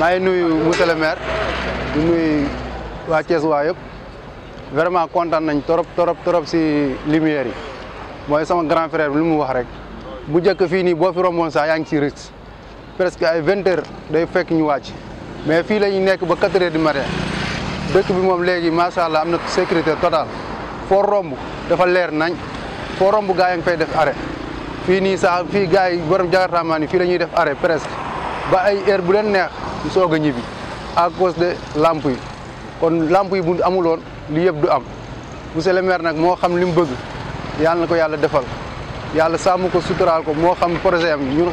maa ngi nuyu monsieur le maire di waa Thiès waa yëpp vraiment kontaan nañ trop trop torop si lumière yi mooy sama grand frère bi lu mu wax rek bu njëkk fii nii boo fi romboon sax yaa ngi si risque presque ay vingt heures day fekk ñu wàcc mais fii la ñu nekk ba quatre heures du matin dëkk bi moom léegi macha allah am na sécurité totale foo romb dafa leer nañ foo romb gaa yi nga fay def arrêt fii nii saa fii gars yi borom jakartaamaan yi fii la ñuy def arrêt presque ba ay heure bu leen neex ñu soog a ñibbi à cause de lampe yi kon lampe yi bu amuloon li yëpp du am monsieur le maire nag moo xam li mu bëgg yàlla na ko yàlla defal yàlla sàmm ko suturaal ko moo xam projet am ñun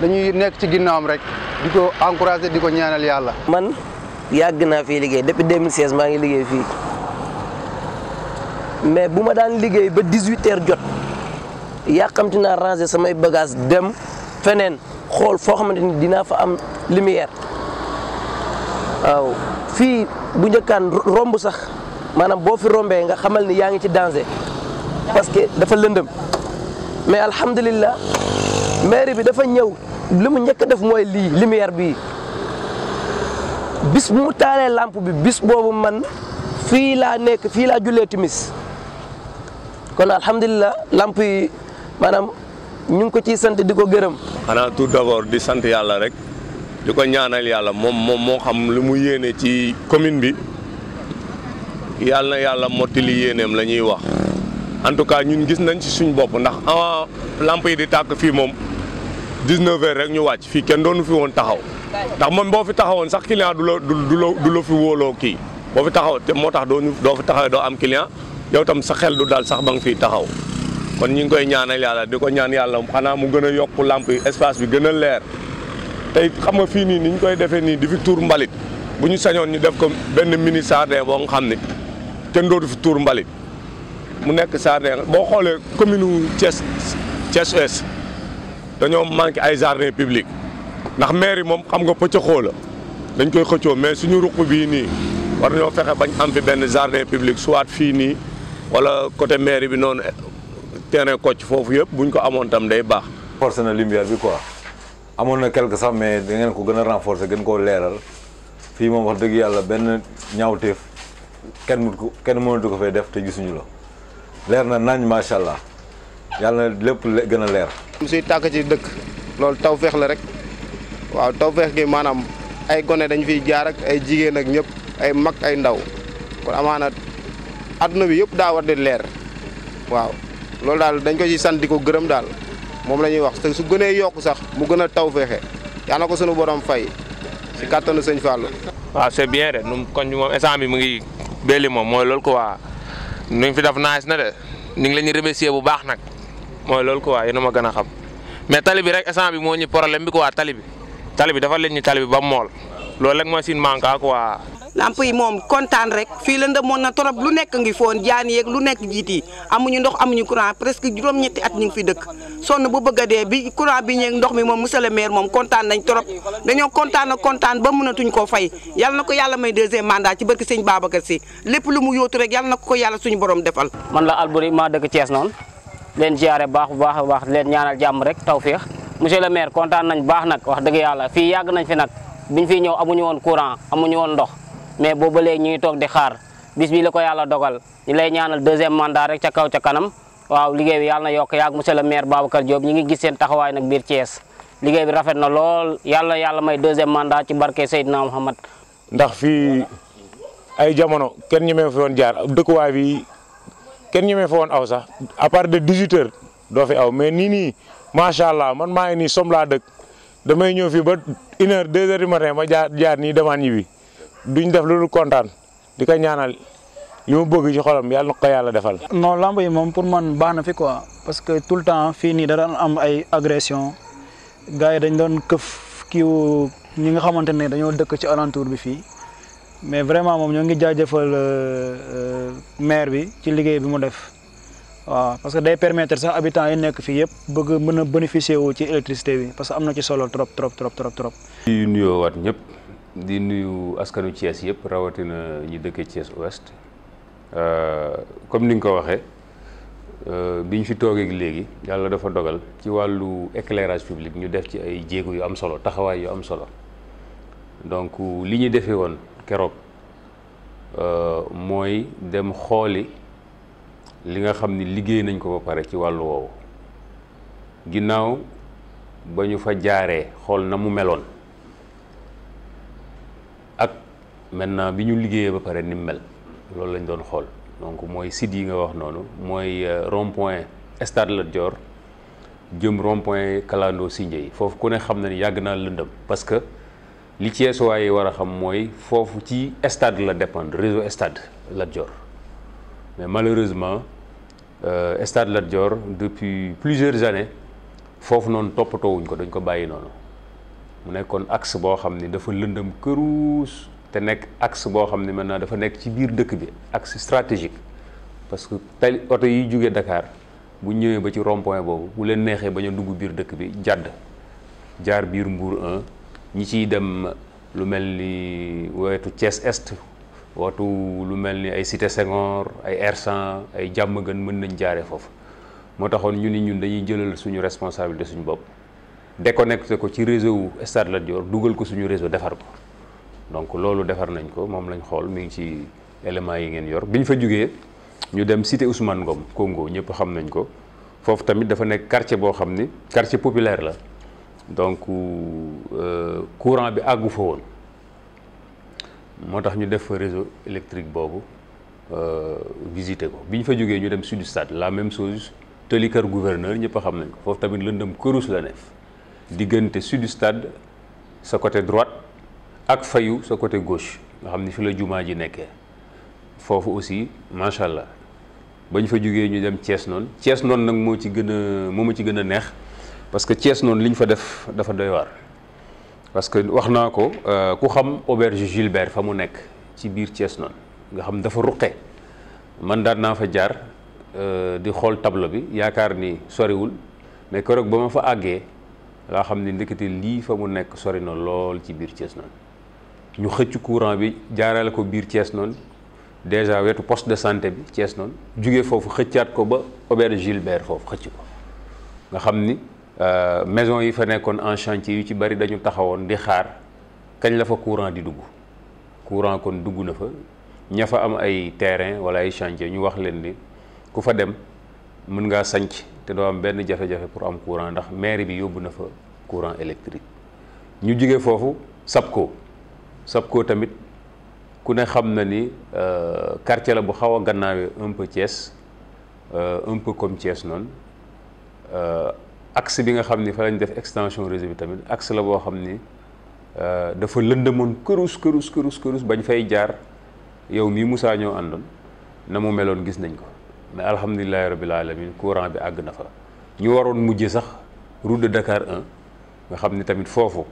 dañuy nekk ci am rek di ko encouragé di ko ñaanal yàlla. man yàgg naa fi liggéey depuis 2016 maa ngi liggéey fii mais bu ma daan liggéey ba 18 heures jot yàqamti naa ranger samay bagage dem feneen xool foo xamante ni dinaa fa am lumière. waaw fii bu njëkkaan romb sax maanaam boo fi rombee nga xamal ni yaa ngi ci danger parce que dafa lëndëm mais alhamdulilah maire bi dafa ñëw li mu njëkk a def mooy lii lumière bii bis bu mu taalee lampe bi bis boobu man fii laa nekk fii laa jullee timis kon alhamdulilah lampe yi maanaam ñu ngi ko ciy sant di ko gërëm. xanaa tout d'abord di sant yàlla rek. di ko ñaanal yàlla moom moom moo xam lu mu yéene ci commune bi yàlla na yàlla mottali yéeneem la ñuy wax en tout cas ñun gis nañ ci suñ bopp ndax avant ah, lamp yi di tàkk fii moom 19 heures rek ñu wàcc fii kenn doonu fi woon taxaw ndax man boo fi taxawoon sax client du la du la fi wóoloo kii boo fi taxaw te moo tax doo doo fi taxawee doo am client yow tam sa xel du daal sax ba nga fiy taxaw kon ñu ngi koy ñaanal yàlla di ko ñaan yàlla xanaa mu gën a yokk làmp yi espace bi gën a leer tey xam nga fii nii ni ñu koy defee nii di fi tuur mbalit bu ñu sañoon ñu def ko benn mini jardin boo nga xam ni kenn dootu fi tuur mbalit mu nekk jardin boo xoolee commune wu Thiès Thiès dañoo manqué ay jardin public ndax maire yi moom xam nga pëccaxoo la dañ koy xëccoo mais suñu ruq bii nii war ñoo fexe bañ am fi benn jardin public soit fii nii wala côté mairie bi noonu terrain Kocc foofu yëpp buñ ko amoon tam day baax. forcé na lumière bi quoi. amoon na quelque sax mais da ko gën a renforcer gën koo leeral fii moom wax dëgg yàlla benn ñaawteef kenn mu ko kenn mënatu ko fee def te gisuñu la leer na naañ macha allah yàlla lépp gën a leer. mu tàkk ci dëkk loolu tawfeex la rek waaw tawfeex gi maanaam ay gone dañ fiy jaar ak ay jigéen ak ñëpp ay mag ay ndaw kon amaana adduna bi yëpp daa war di leer waaw loolu daal dañ ko ci sant di ko gërëm daal. moom la ñuy wax te su gënee yokk sax mu gën a taw feexe yal na ko sunu borom fay si kattanu sëñ Fallou. waaw c'est bien de nu kon moom instant bi mu ngi belli moom mooy loolu waa nu fi def naaj na de ñu ngi leen di remercier bu baax nag mooy loolu quoi yéen a ma gën a xam mais tali bi rek instant bi moo ñu problème bi quoi tali bi tali bi dafa leen ñu tali bi ba mool loolu rek mooy suñu manque quoi. lamp yi moom kontaan rek fii la moon na trop lu nekk ngi foon jaan yeeg lu nekk jiit yi amuñu ndox amuñu courant presque juróom-ñetti at ñu ngi fi dëkk sonn bu bëgg dee bi courant bi ndox mi moom monsieur le maire moom kontaan nañ trop dañoo kontaan na ba mënatuñ koo fay yàlla na ko yàlla may deuxième mandat ci barki sëñ Babacar si lépp lu mu yóotu rek yàlla na ko yàlla suñu borom defal man la Alboury maa dëkk leen ziare baax bu baax a baax leen ñaanal jàmm rek tawféex monsieur le maire kontaan nañ baax nag wax dëgg yàlla fii yàgg nañ fi nag biñ fi ñëw amuñu woon courant amuñu woon ndox mais boobu léegi ñu ngi toog di xaar bis la ko yàlla dogal ñu lay ñaanal deuxième mandat rek ca kaw ca kanam waaw liggéey bi yàlla na yokk yaag monsieur le maire Babacar Diop ñu ngi gis seen taxawaay nag biir Thiès liggéey bi rafet na lool yàlla yàlla may deuxième mandat ci barke Seydina Mouhamad. ndax fii ay jamono kenn ñemee fi woon jaar dëkkuwaay bi kenn ñemee fi woon aw sax à part de 18 doo fi aw mais nii nii macha allah man maa ngi nii som laa dëkk damay ñëw ba une heure deux heures du matin ma jaar jaar nii demaan duñ def lu dul kontaan di ko ñaanal li mu bëgg ci xolam yàlla na ko yàlla defal. non lamb yi moom pour man baax na fi quoi parce que tout le temps fii nii da am ay agression gars yi dañ doon këf kiiwu ñi nga xamante ne dañoo dëkk ci alentour bi fii mais vraiment moom ñoo ngi jaajëfal euh, euh, maire bi ci liggéey bi mu def. waa parce que day permetre sax habitants yi nekk fii yëpp bëgg mën a bénéficier wu ci électricité bi parce que am na ci solo trop trop trop trop trop. yu nuyoo ñëpp. di nuyu askanu cees yëpp rawatina ñu dëkkee Thiès Ouest euh, comme ni nga ko waxee euh, bi ñu fi toogee léegi yàlla dafa dogal ci wàllu éclairage public ñu def ci ay jéego yu am solo taxawaay yu am solo donc li ñuy defee woon keroog euh, mooy dem xooli li nga xam ni liggéey nañ ko ba pare ci wàllu woowu ginnaaw ba ñu fa jaaree xool na mu meloon. maintenant bi ñu liggéeyee ba pare ni mel loolu lañ doon xool donc mooy site yi nga wax noonu mooy euh, rond point stade Lat jëm rond point Kalandoo Sindia yi foofu ku ne xam na ni yàgg naa lëndëm parce que li ci yi war a xam mooy foofu ci stade la dépendre réseau stade Lat Dior mais malheureusement euh, stade Lat Dior depuis plusieurs années foofu noonu toppatoowuñ ko dañ ko bàyyi noonu mu nekkoon axe boo xam ni dafa lëndëm këruus te nekk axe boo xam ne naa dafa nekk ci biir dëkk bi axe stratégique parce que tali oto yi jóge Dakar bu ñëwee ba ci rompoint boobu bu leen neexee bañ a dugg biir dëkk bi jàdd jaar biir Mbour 1 ñi ciy dem lu mel ni wetu ces Est watu lu mel ni ay Cité Senghor ay Hersent ay jàmm gën mën nañ jaaree foofu moo taxoon ñu ni ñun dañuy jëlal suñu responsabilité suñu bopp déconnecté ko ci réseau wu Stade dugal ko suñu réseau defar ko donc loolu defar nañ ko moom lañ xool mi ngi ci éléments yi ngeen yor bi ñu fa jugee ñu dem cité Ousmane Ngom Congo ñëpp xam nañ ko foofu tamit dafa nekk quartier boo xam ni quartier populaire la donc euh, courant bi àggu fa woon moo tax ñu def fa réseau électrique boobu euh, visiter ko bi ñu fa jógee ñu dem sud stade la même chose tëli kër gouverneur ñëpp xam nañ ko foofu tamit lëndëm kërus la ne diggante sud stade sa côté droite ak fayu sa côté gauche nga xam ni fi la jumaa ji nekkee foofu aussi macha allah bañ fa jógee ñu dem cees noonu cees noonu nag moo ci gën a moo ma ci gën a neex parce que Thiès noonu li ñu fa def dafa doy waar. parce que wax naa ko euh, ku xam auberge Gilbert fa mu nekk ci biir cees noonu nga xam dafa ruqe man daan naa fa jaar euh, di xool tableau bi yaakaar ni soriwul mais keroog ba ma fa àggee laa xam ni ndekete lii fa mu nekk sori na lool ci biir cees noonu. ñu xëcc courant bi jaarale ko biir Thiès noonu déjà wetu poste de santé bi Thiès noonu juge foofu xëccaat ko ba auberge Gilbert foofu xëcc ko nga xam ni euh, maison yi fa nekkoon en chantier yu ci bari dañu taxawoon di xaar kañ la fa courant di dugg courant kon dugg na fa ña fa am ay terrain wala ay chantier ñu wax leen ni ku fa dem mën ngaa sanc te doo am benn jafe-jafe pour am courant ndax mairie bi yóbbu na fa courant électrique ñu juge foofu sab ko ko tamit ku ne xam na ni euh, quartier la bu xaw a gannaawee un peu Thiès euh, un peu comme Thiès noonu euh, axe bi nga xam ni fa lañu def extension réseau bi tamit axe la boo xam ni dafa lëndëmoon kërus kërus kërus kërus bañ fay jaar yow mii Moussa ñoo àndoon na mu meloon gis nañ ko mais alhamdulilahi rabil alamin courant bi àgg na fa ñu waroon mujje sax route de Dakar 1 nga xam ni tamit foofu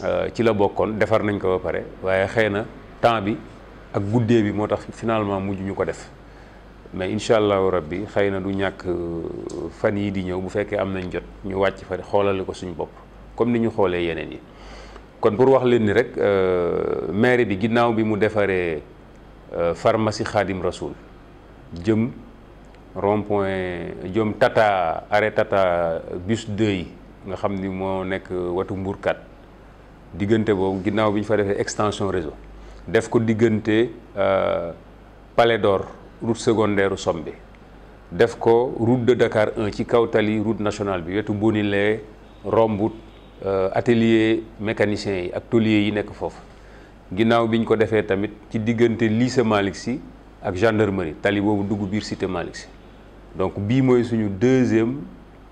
Euh, ci la bokkoon defar nañ ko ba pare waaye xëy na temps bi ak guddee bi moo tax finalement mujj ñu ko def mais incha allahu rabbi xëy na du ñàkk euh, fan yi di ñëw bu fekkee am nañ jot ñu wàcc fa xoolale ko suñu bopp comme ni ñu xoolee yeneen yi kon pour wax leen ni rek euh, maire bi ginnaaw bi mu defaree pharmacie Khadim Rasoul jëm rond point jëm tata arrêt tata bus 2 yi nga xam ni moo nekk watu mbuurkat diggante boobu ginnaaw bi ñu fa defee extension réseau def ko diggante euh, Palais d'Or route secondaire Somme bi def ko route de Dakar 1 ci kaw tali route nationale bi wetu Mbonilee rombut euh, atelier mécanicien yi ak tôlier yi nekk foofu ginnaaw bi ñu ko defee tamit ci diggante lycée Malick si ak gendarmerie tali boobu dugg biir cité Malick si donc bii mooy suñu deuxième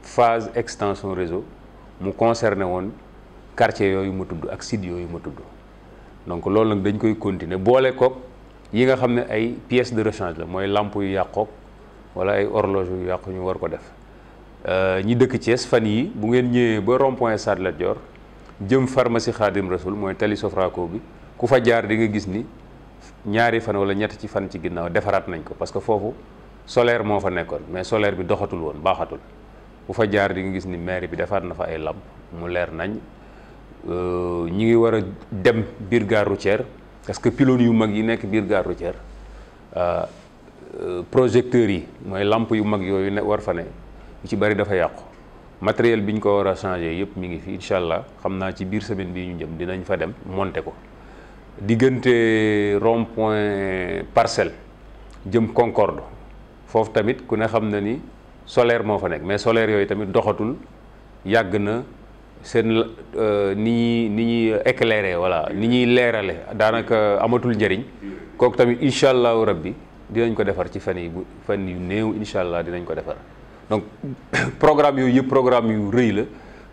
phase extension réseau mu concerné woon quartier yooyu ma tudd ak site yooyu ma tudd donc loolu nag dañ koy continuer boole koog yi nga xam ne ay pièces de rechange la mooy làmp yu yàqoog wala ay horloge yu yàq ñu war ko def euh, ñi dëkk Thiès fan yi bu ngeen ñëwee ba rond-point Stade Lat Dior jëm pharmacie Khadim Rasoul mooy tali Sofraco bi ku fa jaar di nga gis ni ñaari fan wala ñett ci fan ci ginnaaw defaraat nañ ko parce que foofu solaire moo fa nekkoon mais solaire bi doxatul woon baaxatul ku fa jaar di gis ni maire bi defaat na fa ay lamp mu leer nañ Euh, ñi ngi war a dem biir gare routière parce que pylônes yu mag yi nekk biir gare routière euh, projecteurs yi mooy làmp yu mag yooyu ne war fa ne yu ci bari dafa yàqu matériel bi ñu ko war a changé yëpp mi ngi fi incha allah xam naa ci biir semaine bii ñu jëm dinañ fa dem monter ko diggante rond point parcelle jëm Concorde foofu tamit ku ne xam na ni solaire moo fa nekk mais solaire yooyu tamit doxatul yàgg na. seen euh, ni ni ñuy éclairer voilà ni ñuy leerale daanaka amatul njëriñ kooku tamit incha allahu rabbi dinañ ko defar ci fan yi bu fan yu néew incha allah dinañ ko defar donc programme yooyu yëpp programme yu rëy la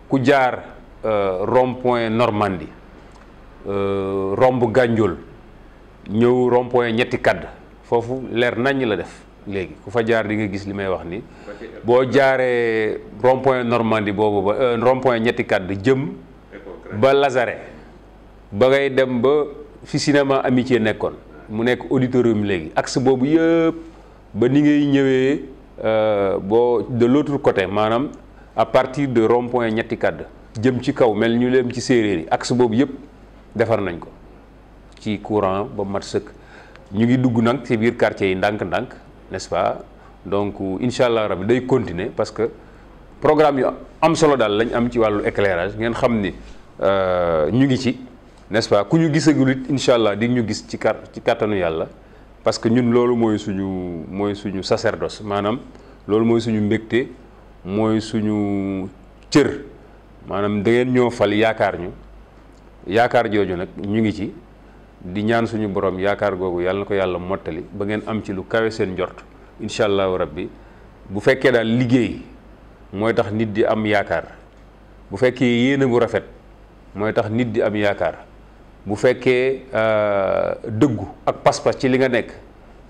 ku jaar euh, rond point Normandie euh, romb Gandiol ñëw rond ñetti kadd foofu leer nañ la def léegi ku fa jaar di nga gis li may wax ni boo jaaree rond point Normandie boobu ba euh, rond ñetti kàdd jëm ba Lazare ba ngay dem ba fi cinéma amitié nekkoon mu nekk auditorium léegi axe boobu yëpp ba ni ngay ñëwee euh, boo de l'autre côté maanaam à partir de rond ñetti kàdd jëm ci kaw mel ñu leem ci séeréer yi axe boobu yëpp defar nañ ko ci courant ba mat sëkk ñu ngi dugg nag ci biir quartier yi ndànk-ndànk n'est-ce pas donc incha allah rabi day continuer parce que programme yu am solo daal lañ am ci wàllu éclairage ngeen xam ni euh, ñu ngi ci n'est-ce pas ku ñu gisagul it incha allah di ñu gis ci kàtt ci kàttanu yàlla parce que ñun loolu mooy suñu mooy suñu sacerdoce maanaam loolu mooy suñu mbégte mooy suñu cër maanaam dangeen ngeen ñoo fal yaakaar ñu yaakaar jooju nag ñu ngi ci. di ñaan suñu borom yaakaar googu yàlla na ko yàlla mottali ba ngeen am ci lu kawe seen njort incha allahu rabbi bu fekkee daal liggéey mooy tax nit di am yaakaar bu fekkee yéene bu rafet mooy tax nit di am yaakaar bu fekkee euh, dëggu ak pas-pas ci li nga nekk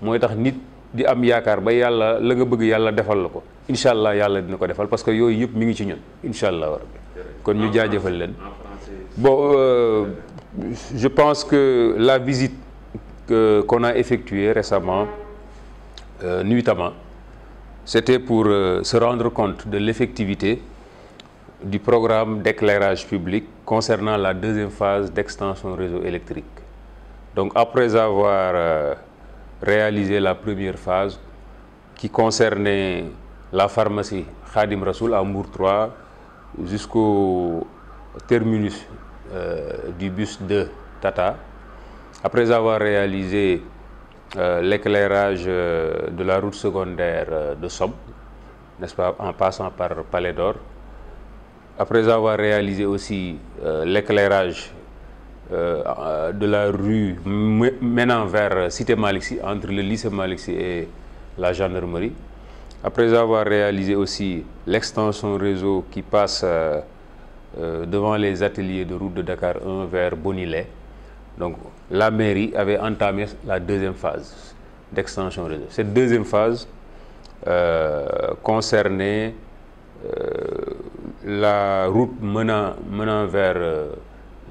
mooy tax nit di am yaakaar ba yàlla la nga bëgg yàlla defal la ko incha allah yàlla dina ko defal parce que yooyu yëpp mu ngi ci ñun incha allahu rabbi kon ñu jaajëfal leen je pense que la visite qu'on qu a effectuée récemment, euh, nuitamment, c'était pour euh, se rendre compte de l'effectivité du programme d'éclairage public concernant la deuxième phase d'extension réseau électrique. Donc après avoir euh, réalisé la première phase qui concernait la pharmacie Khadim Rasoul à Mour 3 jusqu'au terminus Euh, du bus 2 Tata. Après avoir réalisé euh, l'éclairage euh, de la route secondaire de Somme, n'est-ce pas, en passant par Palais d'Or, après avoir réalisé aussi l'éclairage euh, de la rue menant vers Cité Malixi, entre le lycée Malixi et la gendarmerie. Après avoir réalisé aussi l'extension réseau qui passe euh, Euh, devant les ateliers de route de Dakar 1 vers Bonilay. Donc la mairie avait entamé la deuxième phase d'extension réseau. Cette deuxième phase euh, concernait euh, la route menant, menant vers euh,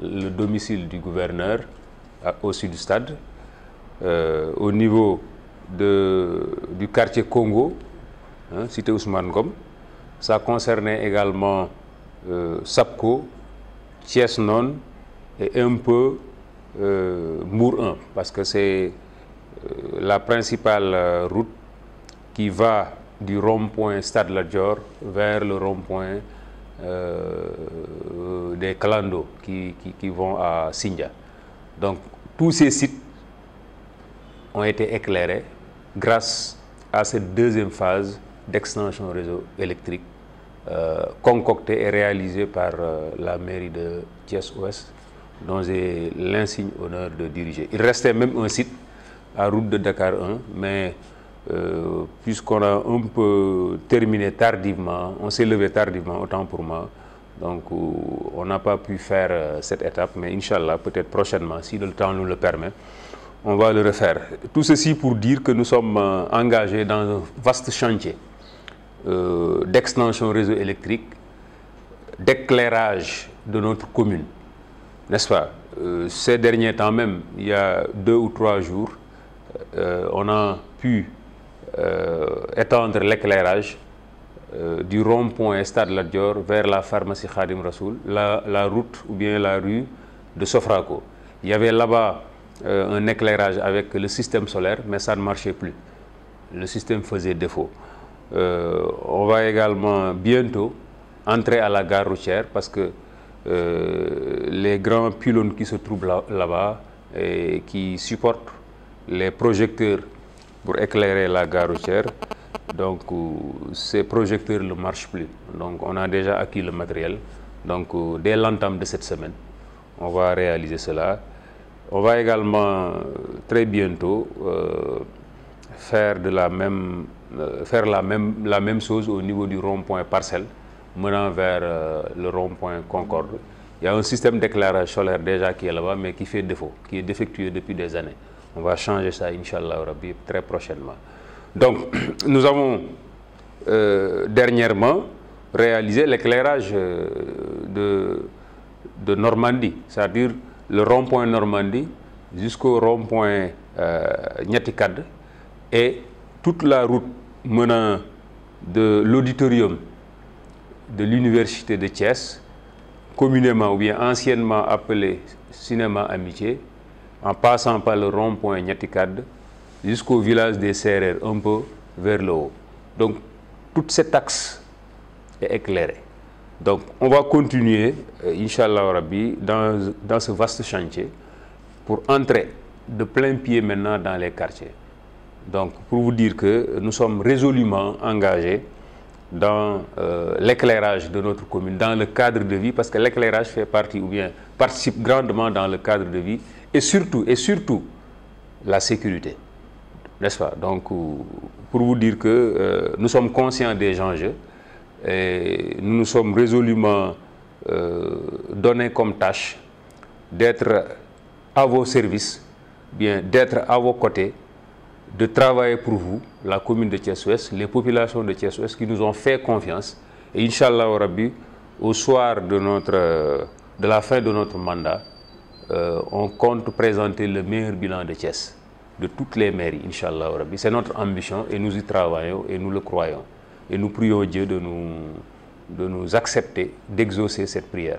le domicile du gouverneur à, au sud du stade, euh, au niveau de, du quartier Congo, hein, cité Ousmane Gom. Ça concernait également Euh, SAPCO Thiès Nord et un peu euh, Mbour 1 parce que c'est euh, la principale route qui va du rond-point Stade Lat Dior vers le rond-point des Kalando qui, qui, à Sindia. Donc tous ces sites ont été éclairés grâce à cette deuxième phase d'extension réseau électrique Euh, concocté et réalisé par euh, la mairie de Thiès-Ouest, dont j'ai l'insigne honneur de diriger. Il restait même un site à route de Dakar 1, mais euh, puisqu'on a un peu terminé tardivement, on s'est levé tardivement, autant pour moi, donc euh, on n'a pas pu faire euh, cette étape, mais Inch'Allah, peut-être prochainement, si le temps nous le permet, on va le refaire. Tout ceci pour dire que nous sommes engagés dans un vaste chantier euh, d'extension réseau électrique, d'éclairage de notre commune, n'est-ce pas euh, Ces derniers temps même, il y a deux ou trois jours, euh, on a pu euh, étendre l'éclairage euh, du rond-point Stade Ladior vers la pharmacie Khadim Rasoul, la, la, route ou bien la rue de Sofraco. Il y avait là-bas euh, un éclairage avec le système solaire, mais ça ne marchait plus. Le système faisait défaut. Euh, on va également bientôt entrer à la gare routière parce que euh, les grands pylônes qui se trouvent là-bas et qui supportent les projecteurs pour éclairer la gare routière. Donc, euh, ces projecteurs ne marchent plus. Donc, on a déjà acquis le matériel. Donc, dès l'entame de cette semaine, on va réaliser cela. On va également très bientôt faire de la même euh, la même la même chose au niveau du rond-point Parcelles menant vers euh, le rond-point Concorde. Il y a un système d'éclairage solaire déjà qui est là-bas mais qui fait défaut, qui est défectueux depuis des années. On va changer ça Inch'Allah Rabbi très prochainement. Donc nous avons euh, dernièrement réalisé l'éclairage euh, de de Normandie, c'est-à-dire le rond-point Normandie jusqu'au rond-point ñetti euh, kadd et toute la route menant de l'auditorium de l'université de Thiès, communément ou bien anciennement appelé Cinéma Amitié, en passant par le rond-point Nyatikad jusqu'au village des Serrères, un peu vers le haut. Donc, tout cet axe est éclairé. Donc, on va continuer, euh, Rabbi, dans, dans ce vaste chantier pour entrer de plein pied maintenant dans les quartiers. Donc, pour vous dire que nous sommes résolument engagés dans euh, l'éclairage de notre commune, dans le cadre de vie, parce que l'éclairage fait partie ou bien participe grandement dans le cadre de vie, et surtout, et surtout, la sécurité. N'est-ce pas Donc, euh, pour vous dire que euh, nous sommes conscients des enjeux, et nous nous sommes résolument euh, donnés comme tâche d'être à vos services, bien d'être à vos côtés, de travailler pour vous, la commune de Thiès-Ouest, les populations de Thiès-Ouest qui nous ont fait confiance. Et Inch'Allah, oh Rabbi, au soir de, notre, euh, de la fin de notre mandat, euh, on compte présenter le meilleur bilan de Thiès, de toutes les mairies, Inch'Allah, oh Rabbi. C'est notre ambition et nous y travaillons et nous le croyons. Et nous prions Dieu de de nous accepter d'exaucer cette prière.